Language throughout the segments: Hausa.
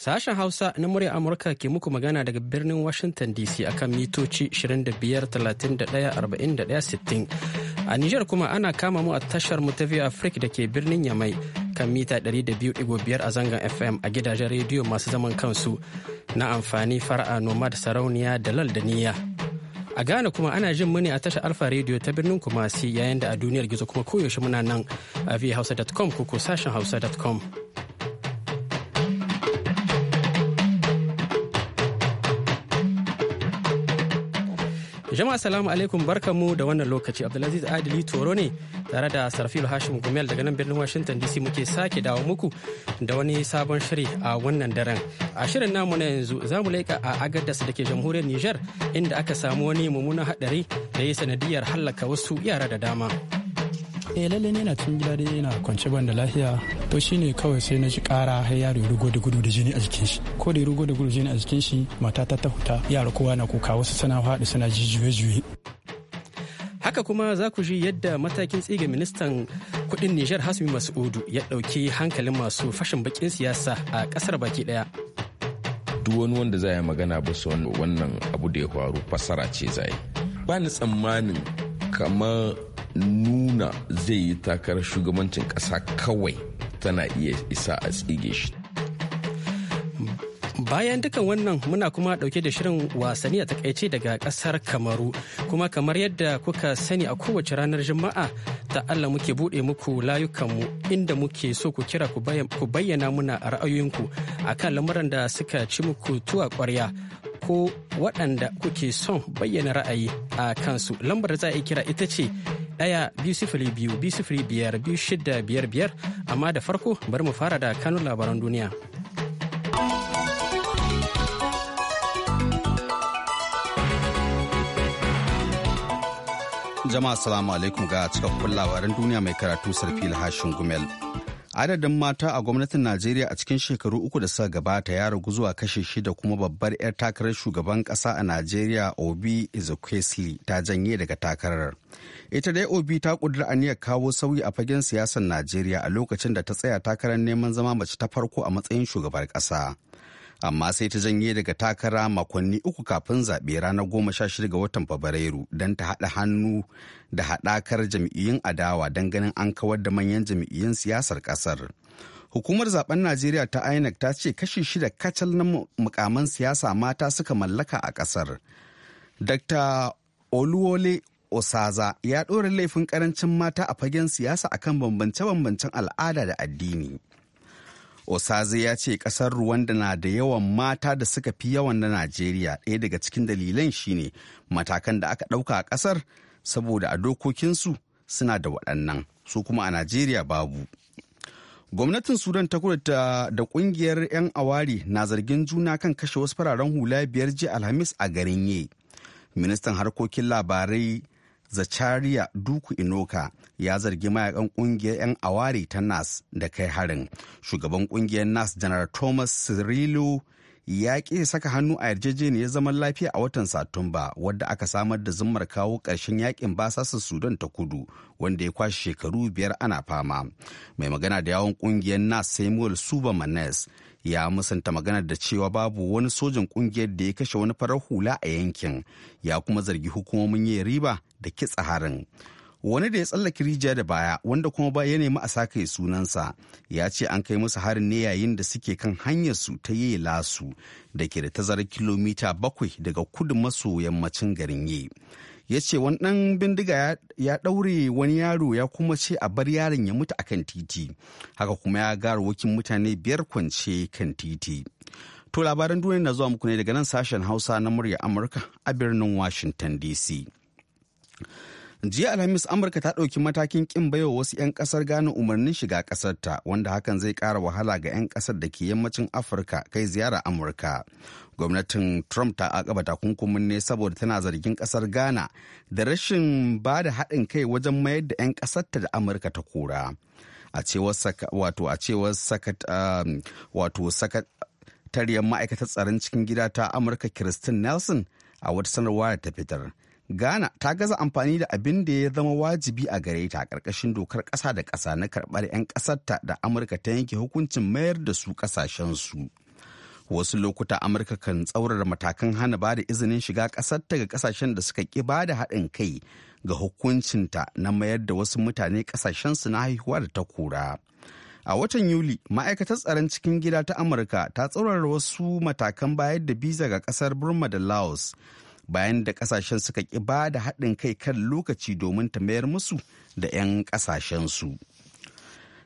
Sashen Hausa na murya Amurka ke muku magana daga birnin Washington DC akan mitoci 25 A Nijar kuma ana kama mu a tashar mu ta Africa da ke birnin Yamai kan mita 200.5 a zangon FM a gidajen rediyo masu zaman kansu na amfani fara'a Nomad Sarauniya da Lal da Niyya. A Ghana kuma ana jin muni a tashar Alfa rediyo ta birnin Kumasi yayin da a duniyar gizo kuma koyaushe muna nan a vhausa.com ko sashen hausa.com. Jama'a salamu alaikum mu da wannan lokaci Abdulaziz Adili Toro ne tare da sarfilu Hashim Gumel daga nan birnin Washington DC muke sake dawo muku da wani sabon shiri a wannan daren. A shirin namu na yanzu za mu laika a Agadas da ke jamhuriyar Nijar inda aka samu wani mummunan hadari da ya sanadiyar hallaka wasu yara da dama. eh lalle ne na cikin gida dai yana kwance ban da lafiya to shine kawai sai na ji kara har yaro rugo da gudu da jini a jikin shi ko da rugo da gudu jini a jikin shi mata ta huta yara kowa na kuka wasu suna faɗi suna ji juye haka kuma za ku ji yadda matakin tsige ministan kudin nijar hasumi masudu ya ɗauki hankalin masu fashin bakin siyasa a ƙasar baki ɗaya duk wani wanda za ya magana ba su wannan abu da ya faru fasara ce za yi ba ni tsammanin kamar nuna zai yi takarar shugabancin ƙasa kawai tana iya isa a tsige shi. Bayan dukan wannan muna kuma dauke da shirin wasanni a takaice daga kasar Kamaru kuma kamar yadda kuka sani a kowace ranar Juma'a ta Allah muke bude muku layukanmu inda muke so ku kira ku bayyana muna a ra'ayoyinku akan lamuran da suka ci muku tuwa kwarya ko waɗanda kuke son bayyana ra'ayi a kansu lambar za a kira ita ce ɗaya biyu sifili biyu biyu sifili biyar biyu shida biyar biyar amma da farko bari mu fara da kanun labaran duniya. Jama'a salamu alaikum ga cikakkun labaran duniya mai karatu sarfil hashin gumel. Adadin mata a gwamnatin Najeriya a cikin shekaru uku da suka gabata ya ragu zuwa kashe shida kuma babbar 'yar takarar shugaban ƙasa a Najeriya Obi Ezekwesili ta janye daga takarar. Ita dai Obi ta kudura aniyar kawo sauyi a fagen siyasar Najeriya a lokacin da ta tsaya takarar neman zama mace ta farko a matsayin shugabar ƙasa. amma sai ta janye daga takara makonni uku kafin zaɓe ranar goma sha shida ga watan fabrairu don ta haɗa hannu da haɗakar jam'iyyun adawa don ganin an kawar da manyan jam'iyyun siyasar ƙasar hukumar zaben najeriya ta inec ta ce kashi shida kacal na mukaman siyasa mata suka mallaka a ƙasar dr oluwole osaza ya ɗora laifin ƙarancin mata a fagen siyasa akan bambance-bambancen al'ada da addini Osaze ya ce kasar Rwanda na da yawan mata da suka fi yawan na Najeriya ɗaya daga cikin dalilan shine matakan da aka ɗauka a ƙasar saboda a dokokinsu suna da waɗannan su kuma a Najeriya babu. Gwamnatin Sudan ta kudu da ƙungiyar 'yan awari na zargin juna kan kashe wasu fararen hula biyar ji Alhamis a garin Ye. Ministan harkokin labarai zacharia duku inoka ya zargi mayakan kungiyar 'yan aware ta nas da kai harin shugaban kungiyar nas janar thomas cirillo ya ƙi saka hannu a yarjejeniyar zaman lafiya a watan satumba wadda aka samar da zumar kawo ƙarshen yakin basasa sudan ta kudu wanda ya kwashe shekaru biyar ana fama mai magana da yawon kungiyar nas samuel suba manes ya musanta magana da cewa babu wani sojan kungiyar da ya kashe wani farar hula a yankin ya kuma zargi hukumomin yin riba da kitsa harin wani da ya tsallake rijiya da baya wanda kuma ba ya nemi a sake sunansa ya ce an kai musu harin ne yayin da suke kan hanyar su ta yi lasu da ke da tazarar kilomita bakwai daga kudu maso yammacin garin yi ya ce wani ɗan bindiga ya ɗaure wani yaro ya kuma ce a bar yaron ya mutu a kan titi haka kuma ya gara wakin mutane biyar kwance kan titi to labaran duniya na zuwa muku ne daga nan sashen hausa na murya amurka a birnin washington dc jiya alhamis amurka ta ɗauki matakin ƙin baiwa wasu 'yan ƙasar gane umarnin shiga ƙasarta wanda hakan zai ƙara wahala ga 'yan ƙasar da ke yammacin afirka kai ziyara amurka gwamnatin trump ta akaba takunkumin ne saboda tana zargin ƙasar ghana da rashin ba da haɗin kai wajen mayar da 'yan ƙasarta da amurka ta kura a cewar wato a cewar um, wato sakatariyar ma'aikatar tsaron cikin gida ta amurka christine nelson a wata sanarwa da ta fitar Ghana ta gaza amfani da abin da ya zama wajibi a gare ta karkashin dokar kasa da kasa na karbar 'yan kasarta da Amurka ta yanke hukuncin mayar da su ƙasashensu. Wasu lokuta Amurka kan tsaurara matakan hana ba da izinin shiga ƙasarta ga kasashen da suka ƙi ba da haɗin kai ga hukuncinta na mayar da wasu mutane ƙasashensu na haihuwa da ta kura. A watan Yuli, ma'aikatar tsaron cikin gida ta Amurka ta tsaurara wasu matakan bayar da biza ga kasar Burma da Laos. bayan da kasashen suka ki ba da haɗin kai kan lokaci domin ta mayar musu da 'yan su.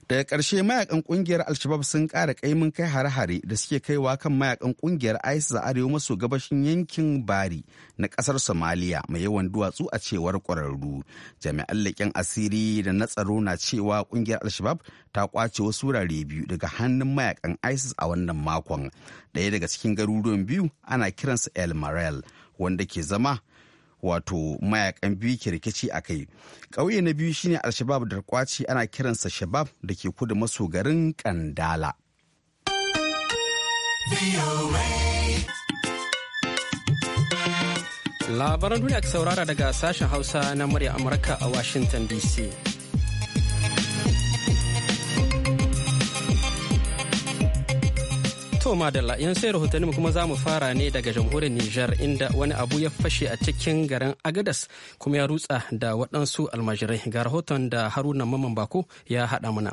Daga ƙarshe mayakan ƙungiyar Alshabab sun ƙara ƙaimin kai hare-hare da suke kaiwa kan mayakan ƙungiyar ISIS a arewa maso gabashin yankin Bari na ƙasar Somalia mai yawan duwatsu a cewar ƙwararru. Jami'an leƙen asiri da na tsaro na cewa ƙungiyar Alshabab ta ƙwace wasu wurare biyu daga hannun mayakan ISIS a wannan makon. Ɗaya daga cikin garuruwan biyu ana kiransa El Marel. wanda ke zama wato mayakan biyu ke rikici a kai ƙauye na biyu shine alshabab da kwaci ana kiransa shabab da ke kudu maso garin kandala labaran duniya saurara daga sashen hausa na murya amurka a washington dc To madalla yan sai rahotanni kuma za mu fara ne daga jamhuriyar Nijar inda wani abu ya fashe a cikin garin Agadas kuma ya rutsa da waɗansu almajirai ga rahoton da Haruna Maman Bako ya haɗa mana.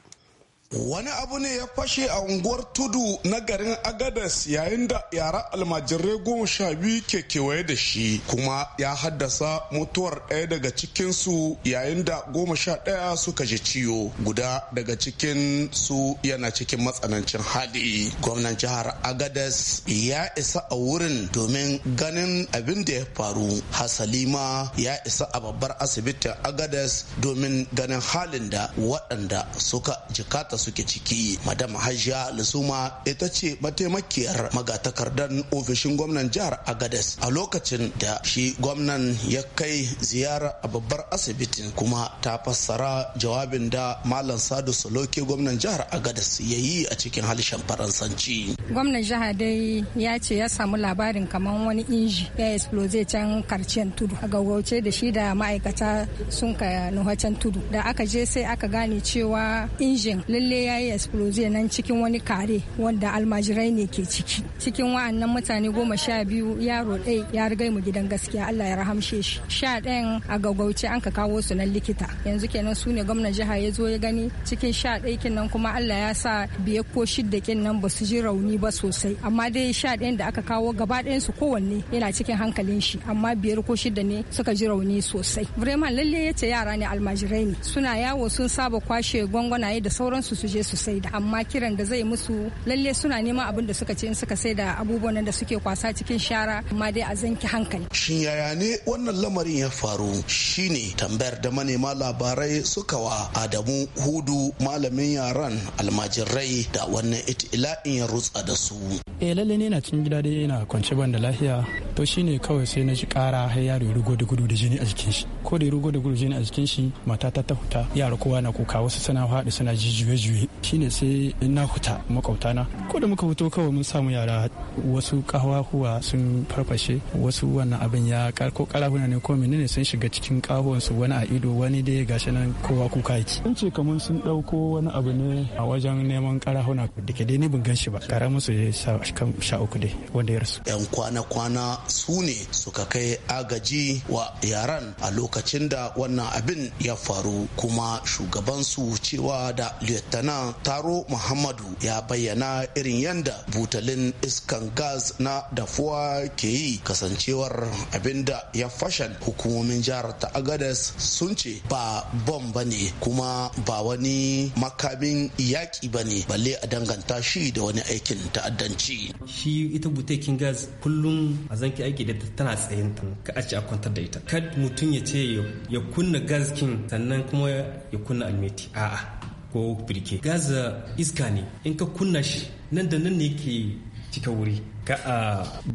Wani abu ne ya fashe a unguwar tudu na garin Agadas yayin da yara almajirai goma sha biyu ke kewaye da shi kuma ya haddasa mutuwar ɗaya daga cikinsu yayin da goma sha ɗaya suka ji ciwo guda daga cikin su yana cikin matsanancin hali. Gwamnan jihar Agadas ya isa a wurin domin ganin abin da ya faru. Hasalima ya isa a babbar asibitin Agadas domin ganin halin da waɗanda suka jikata suke ciki madam hajiya lusuma ita ce mataimakiyar magatakardan ofishin gwamnan jihar agades a lokacin da shi gwamnan ya kai ziyara a babbar asibitin kuma ta fassara jawabin da malam sadu saloke gwamnan jihar agades ya yi a cikin halishen faransanci gwamnan jiha dai ya ce ya samu labarin kamar wani inji ya explode can karciyar tudu a gaugauce da shi da ma'aikata sun ka nuhacen tudu da aka je sai aka gane cewa injin lalle kulle ya yi explosion nan cikin wani kare wanda almajirai ne ke ciki cikin wa'annan mutane goma sha biyu yaro ɗai ya riga mu gidan gaskiya Allah ya rahamshe shi sha ɗayan a gaugauce an ka kawo su nan likita yanzu kenan su ne gwamnan jiha ya zo ya gani cikin sha kin nan kuma Allah ya sa biyar ko shidda kin nan ba su ji rauni ba sosai amma dai sha ɗayan da aka kawo gaba ɗayan su kowanne yana cikin hankalin shi amma biyar ko shidda ne suka ji rauni sosai. Vraiment lalle ya ce yara ne almajirai ne suna yawo sun saba kwashe gwangwanaye da sauransu su je su saida amma kiran da zai musu lalle suna neman abin da suka ce in suka saida abubuwan da suke kwasa cikin shara amma dai a zanki hankali shin yaya ne wannan lamarin ya faru shine tambayar da manema labarai suka wa Adamu Hudu malamin yaran almajirai da wannan itila'in ya rutsa da su eh lalle ne na cin gida da yana kwance ban da lafiya to shine kawai sai na ji kara har yaro ya rugo da gudu da jini a jikin shi ko da ya rugo da gudu jini a jikin shi mata ta ta huta yara kowa na kuka wasu suna haɗu suna jijiyoyi juye shine sai na huta makwabtana ko da muka fito kawai mun samu yara wasu kawahuwa sun farfashe wasu wannan abin ya ko karahuna ne ko menene sun shiga cikin su wani a ido wani ya gashi nan kowa kuka yake sun ce kamar sun dauko wani abu ne a wajen neman karahuna da ke dai ni ban gan shi ba musu ya sha uku dai wanda ya rasu yan kwana-kwana su ne suka kai agaji wa yaran a lokacin da wannan abin ya faru kuma shugabansu cewa da ta nan taro muhammadu ya bayyana irin yanda butalin iskan gas na dafuwa ke yi kasancewar abinda ya fashan hukumomin jihar ta agadas sun ce ba bom ba ne kuma ba wani makamin yaƙi ba ne balle a danganta shi da wani aikin ta'addanci shi ita butakin gas kullum a zanki aiki da tana tsayin ka a ce a kwantar da ita kad mutum ya ce ya kunna gas kin sannan kuma ya kunna almeti a'a ko birke gaza iska ne in ka kunna shi nan da nan ne ke cika wuri ka a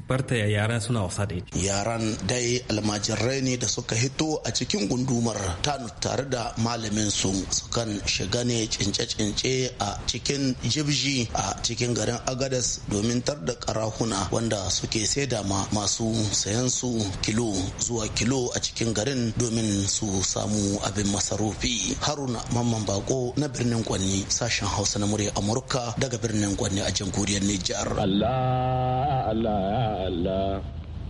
barta yaran suna wasa da ita. Yaran dai almajirai ne da suka hito a cikin gundumar tanu tare da malamin su sukan shiga ne cince-cince a cikin jibji a cikin garin Agadas domin tar da karahuna wanda suke saida ma masu sayan su kilo zuwa kilo a cikin garin domin su samu abin masarufi. Haruna Mamman Bako na birnin Kwanni sashen Hausa na murya Amurka daga birnin Kwanni a jamhuriyar Nijar. Allah ya Allah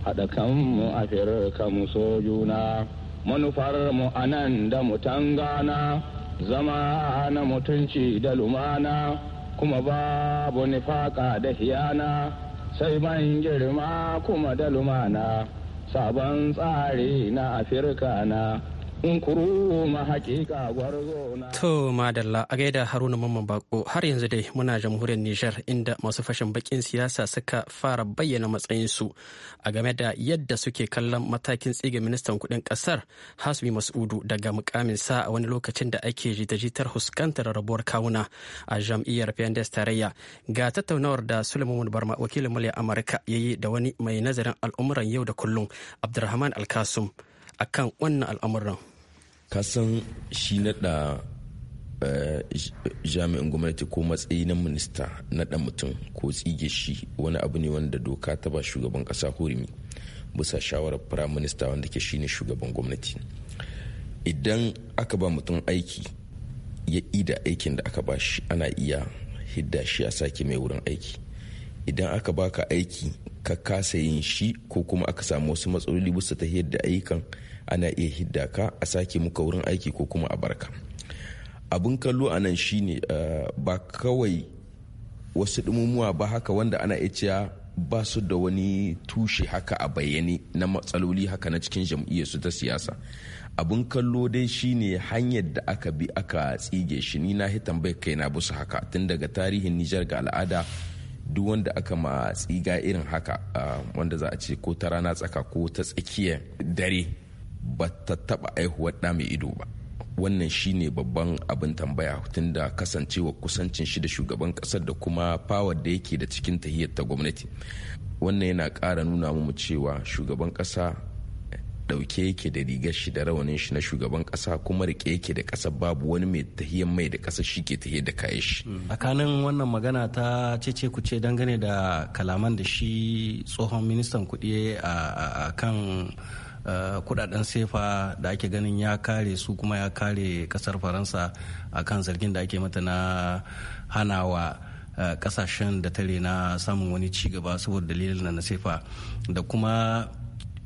haɗa kanmu a firarka mu so juna manufar mu anan da mu zama na mutunci da lumana kuma babu nifaka da hiyana sai ban girma kuma da lumana sabon tsari na afirka na To madalla a gaida haruna mamman bako har yanzu dai muna jamhuriyar Nijar inda masu fashin bakin siyasa suka fara bayyana matsayinsu a game da yadda suke kallon matakin tsige ministan kudin kasar Hasbi Mas'udu daga mukamin sa a wani lokacin da ake jita-jitar huskantar rabuwar kawuna a jam'iyyar PNDS tarayya ga tattaunawar da Suleiman Barma wakilin mulki Amurka yayi da wani mai nazarin al'umuran yau da kullum Abdulrahman Alkasum a kan wannan al'amuran kasan shi naɗa eh, jami'in gwamnati ko matsayi na minista naɗa mutum ko tsige shi wani abu ne wanda doka ta ba shugaban ƙasa hurumi bisa shawarar firayim minista wanda ke shine shugaban gwamnati idan aka ba mutum aiki ya ida aikin da aka ba shi ana iya hidda shi a sake mai wurin aiki idan aka baka aiki ka kasa yin shi ko kuma aka samu wasu matsaloli bisa ta da ayyukan ana iya hidda ka a sake muka wurin aiki ko kuma a barka abin kallo a nan shine eh, ba kawai wasu dumumuwa ba haka wanda ana iya cewa ba su da wani tushe haka a bayyane na matsaloli haka na cikin jam'iyyarsu ta siyasa abin kallo dai shine hanyar da aka bi aka tsige shi ni na hitan bai na busu haka tun daga tarihin nijar ga al'ada duk wanda aka ma tsiga irin haka wanda za a ce ko ta rana tsaka ko ta tsakiya dare ba ta taba aihuwar ɗa mai ido ba wannan shine babban abin tambaya tun da kasancewa kusancin shi da shugaban kasar da kuma fawar da yake da cikin tahiyar ta gwamnati wannan yana kara nuna mu cewa shugaban ƙasa dauke yake da rigar shi da rawanin shi na shugaban kasa kuma rike yake da kasa babu wani mai tahiyan mai da kasa shi ke tahiyar da kayan shi tsakanin wannan magana ta cece kuce dangane da kalaman da shi tsohon ministan kuɗi a kan kudaden sefa da ake ganin ya kare su kuma ya kare kasar faransa a kan zargin da ake mata na hanawa kasashen da tare na samun wani ci gaba saboda dalilin na sefa da kuma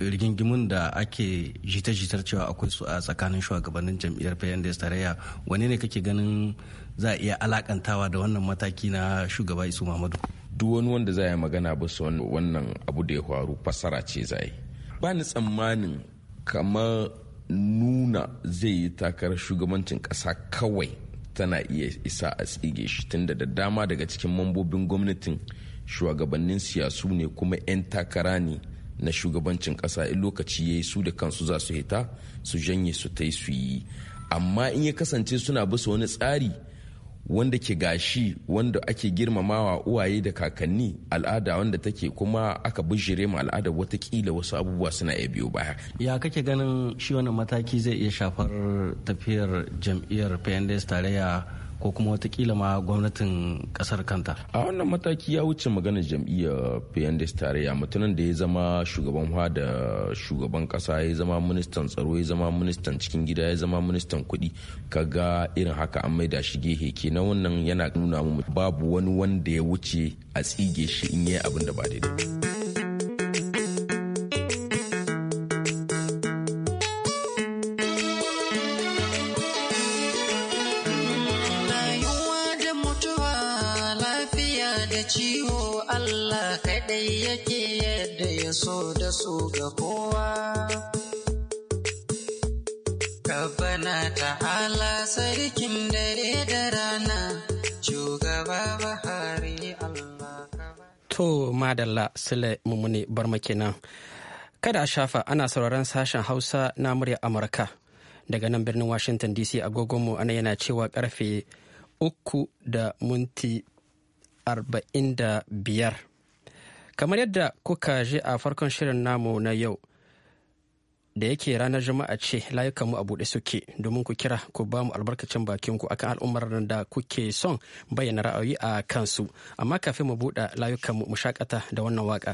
rigingimin da ake jita-jitar cewa akwai su a tsakanin shugabannin jam'iyyar PNDS tarayya wani ne kake ganin za a iya alakantawa da wannan mataki na shugaba Isu Muhammadu? Duk wani wanda za ya magana ba su wannan abu da ya faru fasara ce za yi. Ba ni tsammanin kamar nuna zai yi takarar shugabancin ƙasa kawai tana iya isa a tsige shi tunda da dama daga cikin mambobin gwamnatin shugabannin siyasu ne kuma 'yan takara ne na shugabancin ƙasa in lokaci ya yi su da kansu za su hita su janye su ta su yi amma in ya kasance suna bisa wani tsari wanda ke gashi wanda ake girmamawa uwaye da kakanni al'ada wanda take kuma aka bijire ma al'ada watakila wasu abubuwa suna iya biyo baya ya kake ganin shi wannan mataki zai iya shafar tafiyar jam'iyyar pnds tarayya ko kuma watakila ma gwamnatin kasar kanta a wannan mataki ya wuce maganar jam'iyyar pnds tarayya mutumin da ya zama shugaban ha da shugaban kasa ya zama ministan tsaro ya zama ministan cikin gida ya zama ministan kuɗi kaga irin haka an maida shi gehe kenan wannan yana nuna mu babu wani wanda ya wuce a tsige shi in yi abin da ba daidai ciwo Allah kaɗai yake yadda ya so da su ga kowa. Rabbana ta'ala sarkin dare da rana, shugaba bahari Allah To, Madalla, Sule Mumuni Barma Kada a shafa ana sauraron sashen Hausa na murya Amurka. Daga nan birnin Washington DC agogonmu ana yana cewa karfe uku da minti 45 kamar yadda kuka je a farkon shirin namu na yau da yake ranar juma'a ce layukanmu a buɗe suke domin ku kira ku ba mu albarkacin bakinku akan al'ummar da kuke son bayyana ra'ayi a kansu amma kafin mu buɗe layukanmu mu shakata da wannan waka.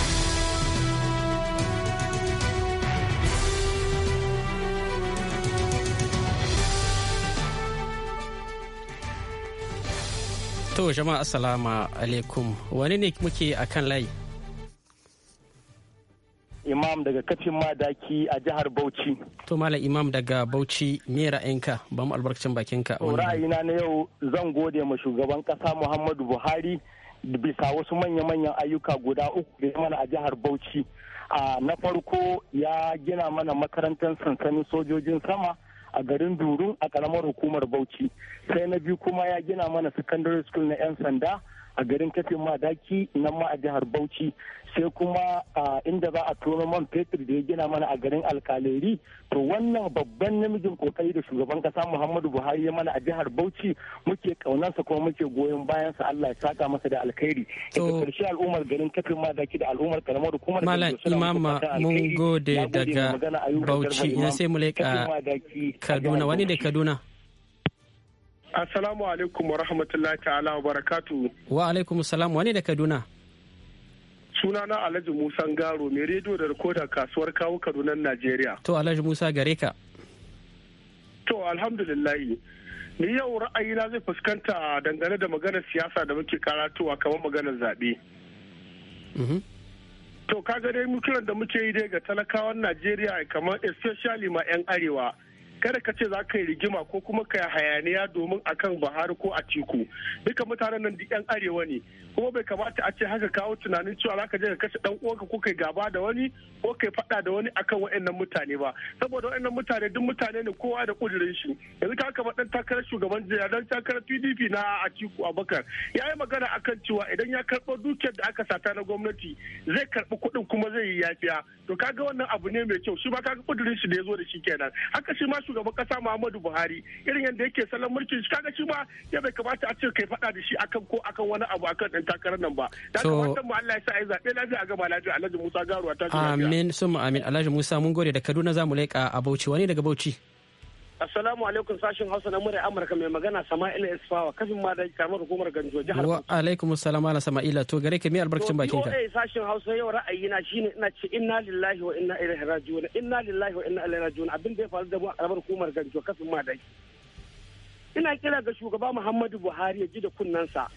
To jama'a assalamu alaikum wani ne muke a kan layi? Imam daga kafin madaki a jihar Bauchi. To mala imam daga Bauchi me ra'ayinka ba mu albarkacin bakinka. Ra'ayina na yau zan gode ma shugaban kasa Muhammadu Buhari bisa wasu manya-manyan ayyuka guda uku da mana a jihar Bauchi. Na farko ya gina mana makarantar sansanin sojojin sama. a garin durun a karamar hukumar bauchi sai na biyu kuma ya gina mana secondary school na 'yan sanda a garin kafin madaki nan ma a jihar bauchi sai kuma inda za a tono man fetur da ya gina mana a garin alkaleri to wannan babban namijin kokari da shugaban kasa muhammadu buhari ya mana a jihar bauchi muke kaunarsa kuma muke goyon bayansa allah ya saka masa da alkhairi ita karshe al'ummar garin kafin madaki da al'ummar karamar kuma da malam imama mun gode daga bauchi ya sai mu leka kaduna wani da kaduna Assalamu alaikum wa rahmatullahi ta'ala wa barakatu. Wa alaikum salam wani da Kaduna. Sunana Alhaji Musa Ngaro mai rediyo da rikodar kasuwar kawo Kaduna Najeriya. To Alhaji Musa gare ka. To alhamdulillahi. Ni yau ra'ayi na zai fuskanta dangane da maganar siyasa da muke karatowa kamar maganar zaɓe. Mhm. To kaga dai mukilan da muke yi dai ga talakawan Najeriya kamar especially ma 'yan arewa. kada ka ce za ka yi rigima ko kuma ka hayaniya domin akan buhari ko a tiku duka mutanen nan yan arewa ne kuma bai kamata a ce haka kawo tunanin cewa za ka je ka kashe dan uwanka ko kai gaba da wani ko kai faɗa da wani akan waɗannan mutane ba saboda waɗannan mutane duk mutane ne kowa da kudirin shi yanzu ka kama dan takarar shugaban jiya dan takarar PDP na a Atiku Abubakar ya yi magana akan cewa idan ya karɓo dukiyar da aka sata na gwamnati zai karɓi kuɗin kuma zai yi yafiya to kaga wannan abu ne mai kyau shi ba kaga kudirin shi da ya zo da shi kenan haka shi ma shugaban kasa Muhammadu Buhari irin yadda yake salon mulkin shi kaga shi ma ya bai kamata a ce kai faɗa da shi akan ko akan wani abu akan dan takarar nan ba da kamata mu Allah ya sa ai zabe lafiya a gaba lafiya Alhaji Musa Garuwa ta amin summa amin Alhaji Musa mun gode da Kaduna zamu leƙa a Bauchi wani daga Bauchi Assalamu alaikum sashin Hausa na murya Amurka mai magana Sama'ila Isfawa kafin ma da karamar hukumar Ganjo jihar Wa alaikum assalam ala Sama'ila to gare ka me albarkacin bakin ka. sashin Hausa yau ra'ayina shine ina ce inna lillahi wa inna ilaihi raji'un inna lillahi wa inna ilaihi raji'un abin da ya faru da mu a karamar hukumar Ganjo kafin ma da Ina kira ga shugaba Muhammadu Buhari ya ji da kunnansa.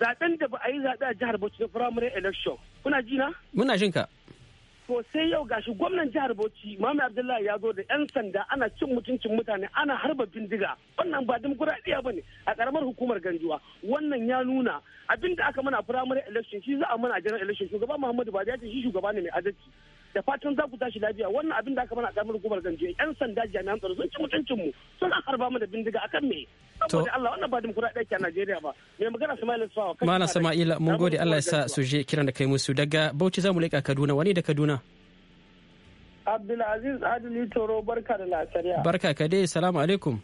Zaben da ba a yi zaɓe a jihar Bauchi na primary election. Kuna ji na? Muna jin ka. to sai yau gashi gwamnan jihar bauchi mami abdullahi ya zo da yan sanda ana cin mutuncin mutane ana harba bindiga wannan ba dimokuraɗiyya ba ne a karamar hukumar ganjuwa wannan ya nuna abinda aka mana primary election shi za a mana a general election shugaba muhammadu ba ya shi shugaba ne mai adalci da fatan za ku tashi lafiya wannan abin da aka mana kamar gubar ganje yan sanda jami'an tsaro sun ci mutuncin mu sun harba mu da bindiga akan me to Allah wannan ba dimokuraɗiyya ke a Najeriya ba me magana Sama'il Sawa mana Sama'ila mun gode Allah ya sa su je kiran da kai musu daga Bauchi zamu leka Kaduna wani da Kaduna Abdulaziz Adili Toro barka da lafiya Barka ka dai salamu alaikum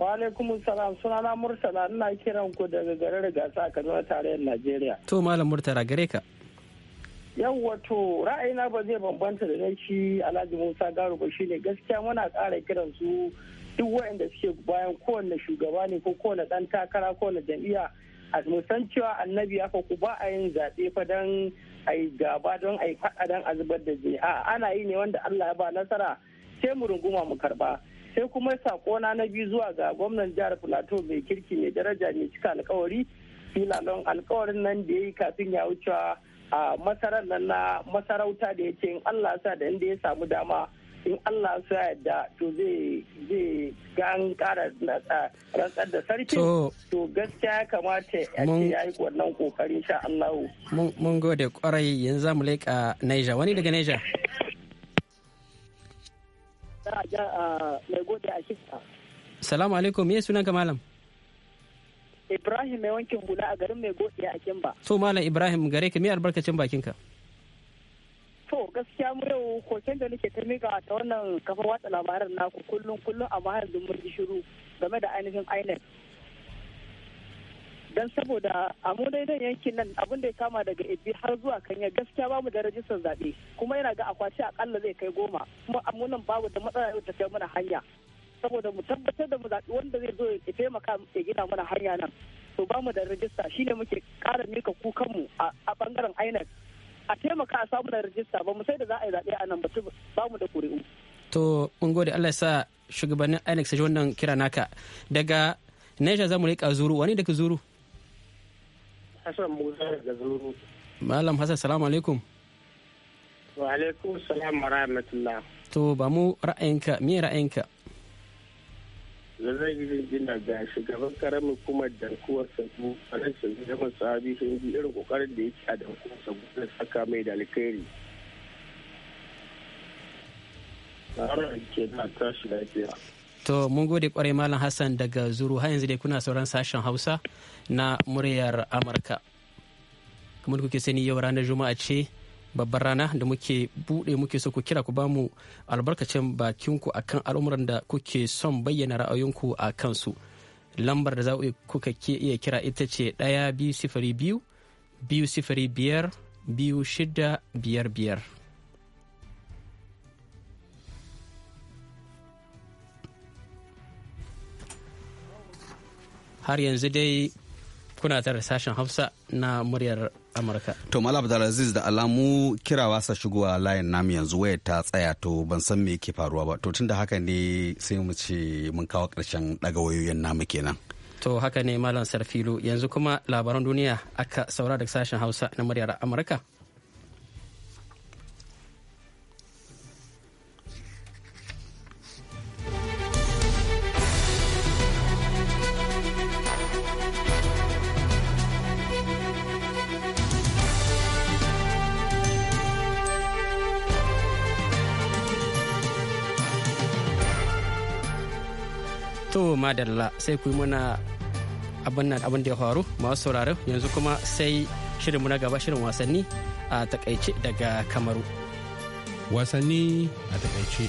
Wa alaikum salam sunana Murtala ina kiran ku daga garin Gasa Kaduna tarayyar Najeriya To Malam Murtala gare ka yawwa wato ra'ayina ba zai bambanta da na shi alhaji musa garu ba shine gaskiya muna kara kiran su duk waɗanda suke bayan kowanne shugaba ne ko kowanne ɗan takara kowanne jam'iyya a musan cewa annabi ya fa ku ba a yin zaɓe fa don a yi gaba don a yi faɗa don a zubar da jini a ana yi ne wanda allah ya ba nasara sai mu runguma mu karba sai kuma sakona na biyu zuwa ga gwamnan jihar plateau mai kirki mai daraja mai cika alkawari filalon alkawarin nan da ya yi kafin ya wucewa a masarar nan na masarauta da ya ce in Allah sa da inda ya samu dama in Allah sa yadda to zai zai gan kara rantsar da sarki to gaskiya ya kamata ya ce ya yi wannan kokari sha Allahu. Mun gode kwarai yanzu za mu leƙa Niger wani daga Niger. Salamu alaikum me sunan ka malam? Ibrahim mai wankin hula a garin mai godiya a Kimba. To Malam Ibrahim gare ka me albarkacin bakinka? To gaskiya mu yau koken da nake ta miƙa ta wannan kafa watsa labaran naku kullum kullum amma har da murji shiru game da ainihin INEC. Dan saboda a mu daidai yankin nan abin da ya kama daga Ibi har zuwa Kanya gaskiya babu da rajistar zaɓe kuma yana ga akwati akalla zai kai goma kuma nan babu da matsala yau ta kai mana hanya. saboda mu tabbatar da mu zaɓi wanda zai zo ya taimaka ya gina mana hanya nan to ba mu da rajista ne muke ƙara mika kukanmu a bangaren INEC a taimaka a samu da rajista ba mu sai da za a yi zaɓe a nan ba ba mu da ƙuri'u. to mun gode Allah ya sa shugabannin INEC sai wannan kira naka daga za mu rika zuru wani daga zuru Hassan Musa daga zuru Malam Hassan salamu alaikum wa alaikum salam wa rahmatullah to ba mu ra'ayinka me ra'ayinka zazzabi gina ga shugaban karamin kuma dankuwar sabu a nan da sabi sun yi irin kokarin da yake a dankuwar sabu da saka mai da alkhairi ke na tashi lafiya to mun gode kwarai malam hassan daga zuru har yanzu dai kuna sauran sashen hausa na muryar amurka kamar kuke sani yau ranar juma'a ce babbar rana da muke bude muke so ku kira ku bamu albarkacin bakinku akan al'umuran da kuke son bayyana ra'ayinku a kansu lambar da za kuka ke iya kira ita ce ɗaya biyu sifiri biyu biyu sifiri biyar biyu shida biyar biyar har yanzu dai kuna tare sashen hausa na muryar amurka to malam abdulaziz da alamu kirawa sa shigowa layin namu yanzu waye ta tsaya to ban san me yake faruwa ba to tunda haka ne sai mu ce mun kawo karshen daga wayoyin namu kenan to haka ne malam sarfilu yanzu kuma labaran duniya aka saura da sashen hausa na muryar amurka madalla sai ku yi mana abin nan abin da ya faru masu sauraro yanzu kuma sai shirinmu na gaba shirin wasanni a takaice daga kamaru wasanni a takaice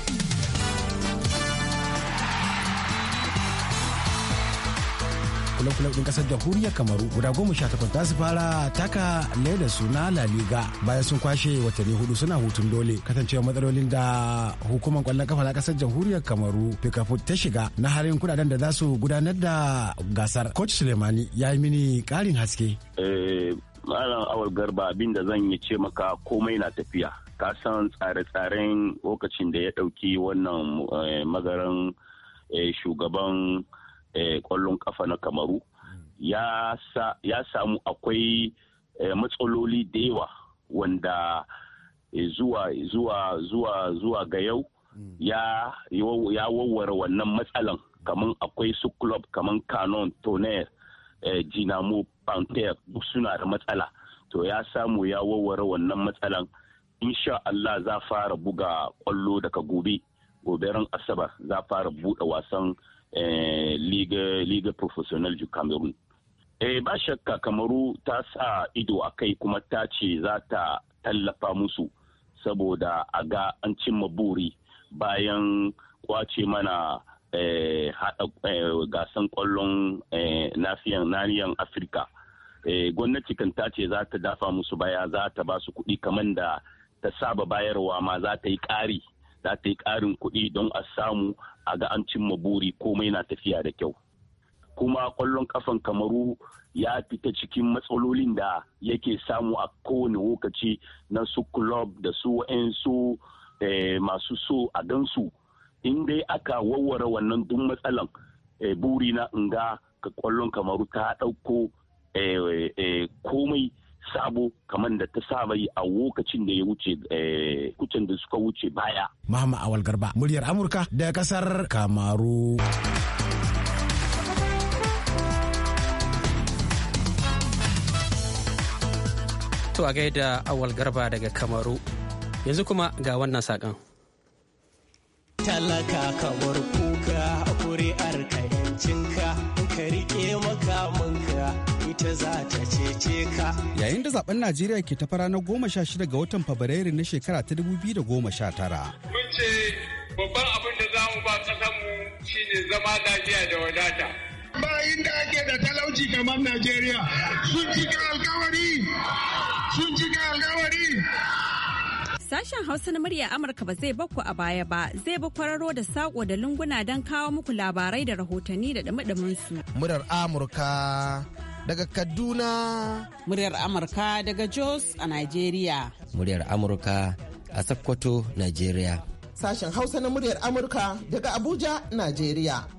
kulob-kulob din kasar jamhuriyar kamaru guda goma sha takwas za su fara taka leda suna la liga bayan sun kwashe watanni hudu suna hutun dole kasancewa matsalolin da hukumar kwallon kafa na kasar jamhuriyar kamaru pikafut ta shiga na harin kudaden da za su gudanar da gasar coach sulemani ya yi mini karin haske eh, malam awal garba abin da zan yi ce maka komai na tafiya ka san tsare-tsaren lokacin da ya ɗauki wannan eh, magaran eh, shugaban Eh, kwallon kafa na kamaru ya samu akwai eh, matsaloli da yawa wanda eh, zuwa ga yau ya wawware wannan matsalan kamar akwai su club kamar canon toner jinamo panther duk suna da matsala to ya samu ya wawware wannan matsalan insha Allah za fara buga kwallo daga gobe gobe ran asabar za fara buɗe wasan Eh, liga, liga professional du cameroon eh, ba shakka kamaru ta sa ido a kai kuma ta ce za ta tallafa musu saboda a ga an cimma buri bayan kwace mana eh, eh gasan kwallon eh, nariyan afirka gwamnati kan ta ce za ta dafa musu baya za ta ba su kudi kamar da ta saba bayarwa ma za ta yi ƙari za ta yi ƙarin kuɗi don a samu a ga an cimma buri komai na tafiya da kyau kuma ƙwallon ƙafan kamaru ya fita cikin matsalolin da yake samu a kowane lokaci na su club da su su eh, masu so a gansu in dai aka wawware wannan duk matsalan eh, buri na inga ka ƙwallon kamaru ta ɗauko eh, komai sabo kamar da ta saba yi a lokacin da ya wuce eh, kucin da suka wuce baya. Mahama Awal Garba, muryar Amurka da kasar Kamaru. To a gaida Awal Garba daga Kamaru. Yanzu kuma ga wannan saƙon. Talaka kamar kuka, kuri'ar ka yancinka, ka riƙe makamanka. ita za ta cece ka. Yayin da zaben Najeriya ke tafara na goma sha shida ga watan Fabrairu na shekara ta dubu biyu da goma sha tara. Mun ce babban abin da za mu ba ƙasanmu ne zama lafiya da wadata. Bayin da ake da talauci kamar Najeriya sun cika alkawari. Sun cika alkawari. Sashen Hausa na murya Amurka ba zai bakku a baya ba, zai bi kwararo da sako da lunguna don kawo muku labarai da rahotanni da dumi su. Murar Amurka daga Kaduna. Muryar Amurka daga Jos a Najeriya. Muryar Amurka a Sokoto, Najeriya. Sashen Hausa na muryar Amurka daga Abuja, Najeriya.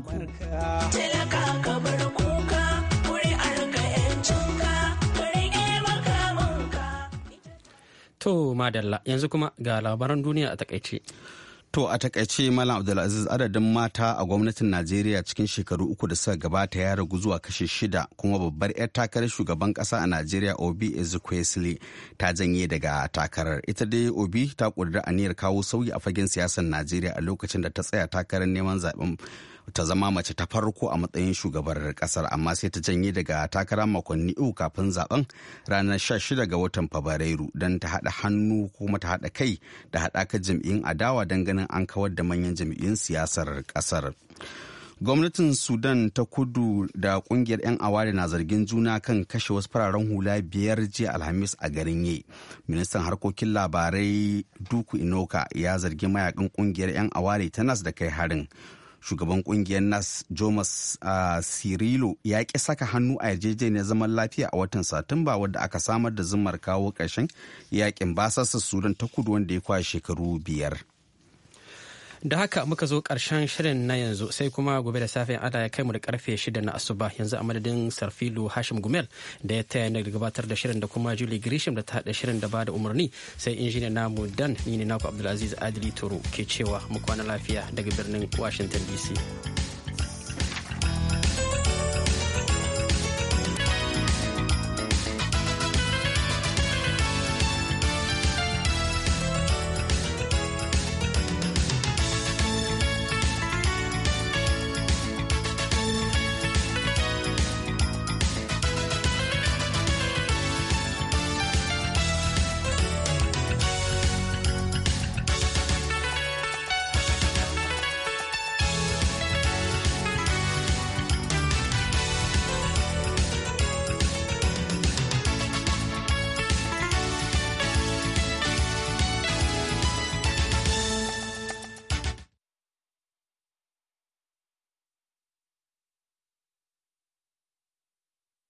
ku. To madalla yanzu kuma ga labaran duniya a takaice. To a takaice Malam Abdulaziz adadin mata a gwamnatin Najeriya cikin shekaru uku da suka gabata ya ragu zuwa kashe shida kuma babbar 'yar takarar shugaban kasa a Najeriya Obi Ezekwesili ta janye daga takarar. Ita dai Obi ta a aniyar kawo sauyi a fagen siyasar Najeriya a lokacin da ta tsaya takarar neman zaben ta zama mace ta farko a matsayin shugabar kasar amma sai ta janye daga takara makonni uku kafin zaben ranar 16 ga watan fabrairu don ta haɗa hannu kuma ta haɗa kai da haɗakar jam'iyyun adawa don ganin an kawar da manyan jam'iyyun siyasar kasar. gwamnatin sudan ta kudu da kungiyar 'yan aware na zargin juna kan kashe wasu fararen hula biyar jiya alhamis a garin ye ministan harkokin labarai duku inoka ya zargi mayakan kungiyar 'yan aware ta nas da kai harin shugaban kungiyar nas jomas sirilo ah, ya ki saka hannu a yarjejeniyar zaman lafiya a watan satumba wadda aka samar da zumar kawo ƙarshen yakin basasa sudan ta kudu wanda ya kwashe shekaru biyar da haka muka zo karshen shirin na yanzu sai kuma gobe da safin ada ya kai mu da karfe shida na asuba yanzu a madadin sarfilu hashim gumel da ya taya da gabatar da shirin da kuma julie grisham da ta haɗa shirin da ba da umarni sai injiniya namu dan ni ne naku abdulaziz adili toro ke cewa mu kwana lafiya daga birnin washington dc